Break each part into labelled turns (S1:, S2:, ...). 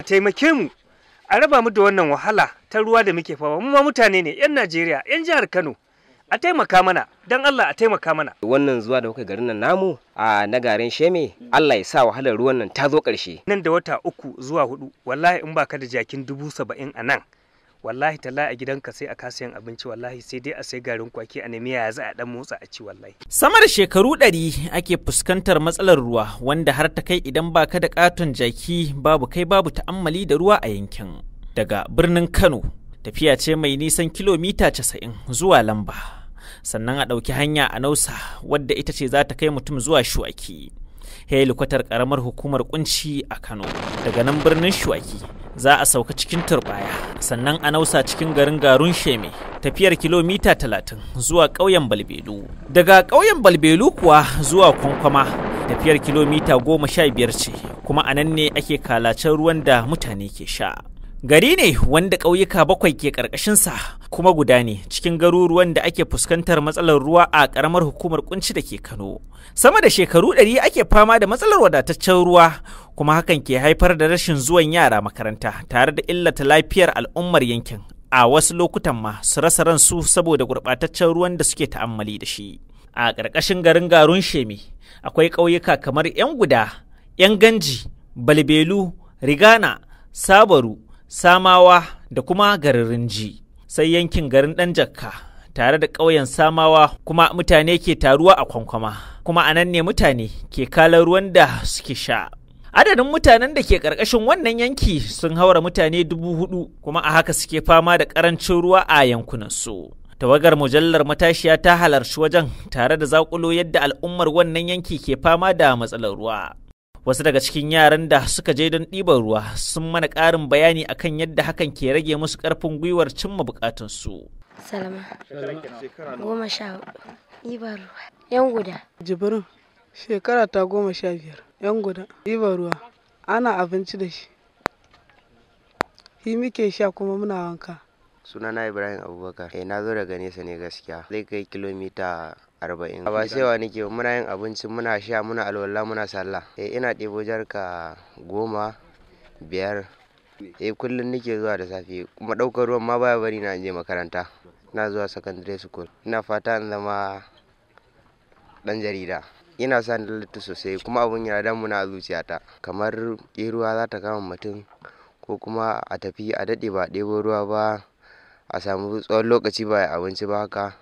S1: a taimake mu a raba mu da wannan wahala ta ruwa da muke fama mu ma mutane ne yan Najeriya
S2: yan jihar Kano a taimaka mana don Allah a taimaka mana wannan zuwa da kuka garin nan namu a na garin Sheme Allah ya sa wahalar ruwan nan ta zo ƙarshe nan da wata uku zuwa hudu
S1: wallahi in baka da jakin dubu saba'in a nan wallahi talla a gidanka sai a kasa abinci wallahi sai dai a sai garin kwaki a nemi ya za a dan motsa a ci wallahi
S3: sama da shekaru ɗari ake fuskantar matsalar ruwa wanda har ta kai idan ba ka da katon jaki babu kai babu ta'ammali da ruwa a yankin daga birnin Kano tafiya ce mai nisan kilomita 90 zuwa lamba sannan a ɗauki hanya a nausa wadda ita ce za ta kai mutum zuwa shuwaki helikwatar ƙaramar hukumar kunci a kano daga nan birnin shuwaki za a sauka cikin turbaya sannan a nausa cikin garin garun sheme tafiyar kilomita talatin zuwa ƙauyen balbelu daga ƙauyen balbelu kuwa zuwa kwankwama tafiyar kilomita goma sha biyar ce kuma a nan ne ake kalacen ruwan da mutane ke sha gari ne wanda ƙauyuka bakwai ke ƙarƙashinsa kuma guda ne cikin garuruwan da ake fuskantar matsalar ruwa a ƙaramar hukumar kunci da ke kano sama da shekaru ɗari ake fama da matsalar wadataccen ruwa kuma hakan ke haifar da rashin zuwan yara makaranta tare da illata lafiyar al'ummar yankin a wasu lokutan ma su rasa ransu saboda gurɓataccen ruwan da suke ta'ammali da shi a ƙarƙashin garin garun shemi akwai ƙauyuka kamar 'yan guda 'yan ganji balbelu rigana sabaru samawa da kuma garin rinji sai yankin garin ɗan jakka tare da ƙauyen samawa kuma mutane ke taruwa a kwankwama kuma a nan ne mutane ke kalar ruwan da suke sha Adadin mutanen da ke karkashin wannan yanki sun haura mutane dubu hudu kuma a haka suke fama da karancin ruwa a yankunansu. Tawagar mujallar matashiya ta halarci wajen tare da zakulo yadda al'ummar wannan yanki ke fama da matsalar ruwa. Wasu daga cikin yaran da suka je don ɗiban ruwa sun mana ƙarin bayani akan yadda hakan ke rage musu ƙarfin gwiwar cimma buƙatunsu.
S2: Salama. Goma sha Ɗiban Yan guda. Jibrin. Shekara ta goma sha biyar. 'yan guda ɗiban ruwa ana abinci da shi shi muke sha kuma muna wanka
S4: sunana ibrahim abubakar eh na zo daga nesa ne gaskiya zai kai kilomita arba'in ba sai wa nake muna yin abinci muna sha muna alwala muna sallah eh ina ɗebo jarka goma biyar eh kullum nake zuwa da safe Maɗaukar ruwan ma baya bari na je makaranta na zuwa secondary school ina fata in zama ɗan jarida ina sa ni lalata sosai kuma abin yana damuna zuciya zuciyata kamar ƙeruwa za ta kama mutum ko kuma a tafi a daɗe ba ɗebo ruwa ba a samu tsawon lokaci ba abinci ba haka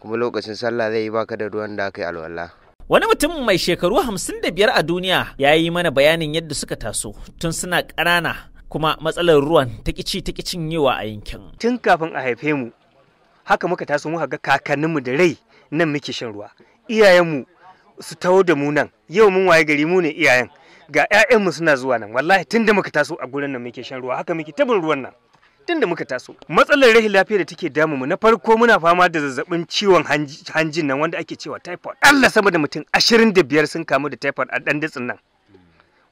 S4: kuma lokacin sallah zai yi baka da ruwan da aka yi alwala. Wani mutum
S3: mai shekaru hamsin da biyar a duniya ya yi mana bayanin yadda suka taso tun suna ƙanana kuma matsalar ruwan ta ƙici ta a yankin. Tun kafin a haife mu
S1: haka muka taso muka ga kakanninmu da rai nan muke shan ruwa. Iyayenmu su taho da mu nan yau mun waye gari mu ne iyayen ga 'ya'yanmu suna zuwa nan wallahi tun da muka taso a gurin nan muke shan ruwa haka muke tabin ruwan nan tun muka taso matsalar rashin lafiya da take damu mu na farko muna fama da zazzabin ciwon hanjin nan wanda ake cewa typhoid Allah sama da mutum 25 sun kamu da typhoid a dan datsin nan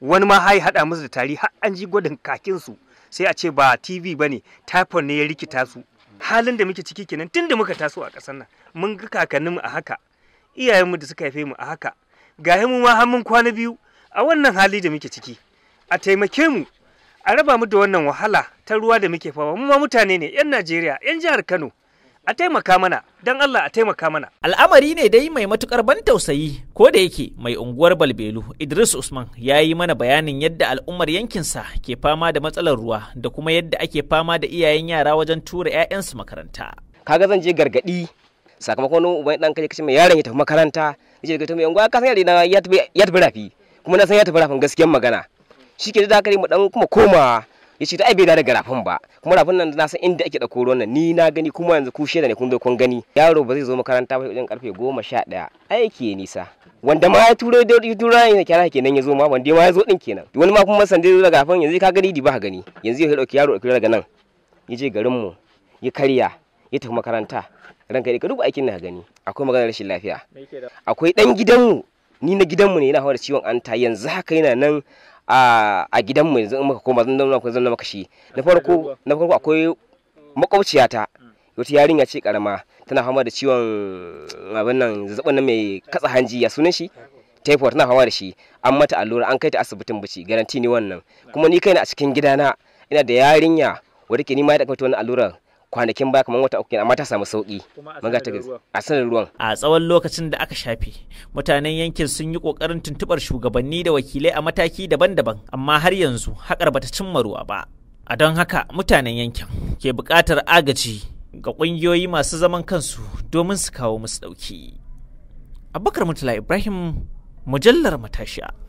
S1: wani ma hai hada musu da tari har an ji gwadin kakin su sai a ce ba TV bane typhoid ne ya rikita su halin da muke ciki kenan tunda muka taso a ƙasar nan mun ga kakanninmu a haka iyayenmu da suka haife mu a haka ga mu ma har mun kwana biyu a wannan hali da muke ciki a taimake mu a raba mu da wannan wahala ta ruwa da muke fama mu ma mutane ne yan Najeriya yan jihar Kano a
S3: taimaka mana dan Allah a taimaka mana. Al'amari ne dai mai matukar ban tausayi ko da yake mai unguwar Balbelu Idris Usman ya yi mana bayanin yadda al'ummar yankinsa ke fama da matsalar ruwa da kuma yadda ake fama da iyayen yara wajen tura 'ya'yansu makaranta.
S2: Kaga zan je gargadi sakamakon wani dan kaje kace mai yaron ya tafi makaranta yace ga to mai unguwa ka san yadda ya tafi ya tafi rafi kuma na san ya tafi rafin gaskiyar magana shike da kare mu dan kuma koma yace ta ai bai daga rafin ba kuma rafin nan na san inda ake dauko ruwan nan ni na gani kuma yanzu ku sheda ne kun zo kun gani yaro ba zai zo makaranta ba wajen karfe 11 aiki nisa wanda ma ya turo da tura ne kira kenan ya zo ma wanda ma ya zo din kenan wani ma kuma san dai daga rafin yanzu ka gani di ba gani yanzu ya dauki yaro daga nan yaje garin mu ya karya ya tafi makaranta ranka ka duba aikin na gani akwai maganar rashin lafiya akwai dan gidanmu ni na gidanmu ne yana hawa da ciwon anta yanzu haka yana nan a gidanmu yanzu in muka koma zan zama maka shi na farko na farko akwai makwabciyata mm. wata yarinya ce karama tana fama da ciwon abin nan zazzabin nan mai katsa hanji ya sunan shi typhoid tana fama da shi an mata allura an kai ta asibitin bici garanti ne wannan kuma ni kaina a cikin gidana ina da yarinya wadda ke nima ya da kamata wannan allurar kwanakin baya kamar wata uku amma ta samu sauki ta a sanin ruwan
S3: a tsawon lokacin da aka shafe mutanen yankin sun yi kokarin tuntubar shugabanni da wakilai a mataki daban-daban amma har yanzu hakar bata cimma ruwa ba a don haka mutanen yankin ke buƙatar agaji ga ƙungiyoyi masu zaman kansu domin su kawo musu ɗauki abubakar mutula ibrahim mujallar matashiya